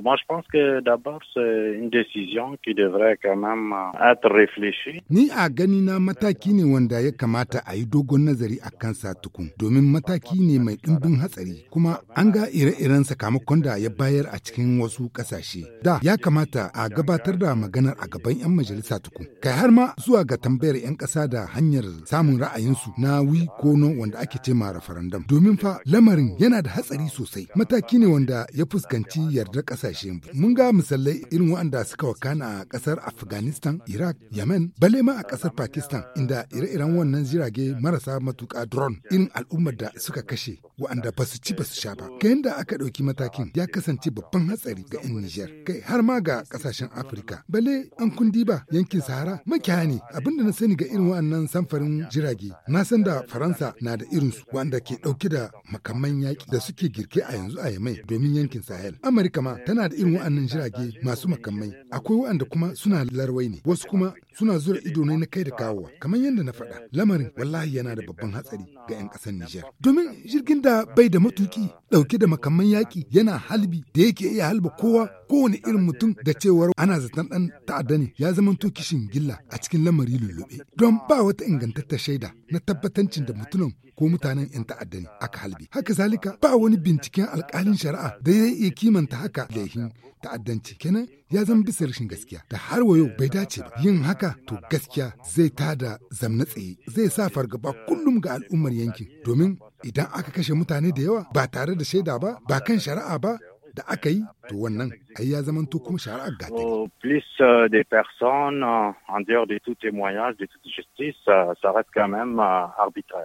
Moi, je pense que d'abord, c'est une décision qui devrait quand même euh, être réfléchie. Ni a gani na mataki ne wanda ya kamata a yi dogon nazari a sa tukun, domin mataki ne mai ɗimbin hatsari, kuma an ga ire-iren sakamakon da ya bayar a cikin wasu ƙasashe. Da ya kamata a gabatar da maganar a gaban 'yan majalisa tukun. Kai har ma zuwa ga tambayar 'yan ƙasa da hanyar samun ra'ayinsu na wi ko no wanda ake ce ma referendum. Domin fa lamarin yana da hatsari sosai. Mataki ne wanda ya fuskanci yardar ƙasa kasashe mun ga misalai irin waɗanda suka wakana a kasar afghanistan iraq yemen bale ma a kasar pakistan inda ire-iren wannan jirage marasa matuka drone irin al'ummar da suka kashe waɗanda ba su ci ba su sha ba ga yadda aka ɗauki matakin ya kasance babban hatsari ga 'yan niger kai har ma ga kasashen afirka bale an kundi ba yankin sahara makiya ne abinda na sani ga irin waɗannan samfarin jirage na san da faransa na da irinsu waɗanda ke ɗauke da makaman yaƙi da suke girke a yanzu a yamai domin yankin sahel amurka ma ta tana da irin wa'annan jirage masu makamai akwai waɗanda kuma suna larwai ne wasu kuma suna zura ido ne na kai da kawowa kamar yadda na faɗa lamarin wallahi yana da babban hatsari ga 'yan ƙasar Nijar domin jirgin da bai da matuki ɗauke da makaman yaƙi yana halbi da yake iya halba kowa kowane irin mutum da cewar ana zaton ɗan ta'adda ne ya zama to kishin gilla a cikin lamari lullube don ba wata ingantattar shaida na tabbatancin da mutumin ko mutanen 'yan ta'adda ne aka halbi. haka zalika ba wani binciken alƙalin shari'a da ya iya kimanta haka laihin ta'addanci kenan ya zama bisa rashin gaskiya da har wayo bai dace ba yin haka to gaskiya zai tada zamna tsaye zai sa fargaba kullum ga al'ummar yankin domin idan aka kashe mutane da yawa ba tare da shaida ba ba kan shari'a ba da aka yi to wannan ai ya zama to kuma shari'ar gatari. Oh, plus euh, des personnes euh, en dehors de tout témoignage, de toute justice, euh, ça reste quand même arbitraire.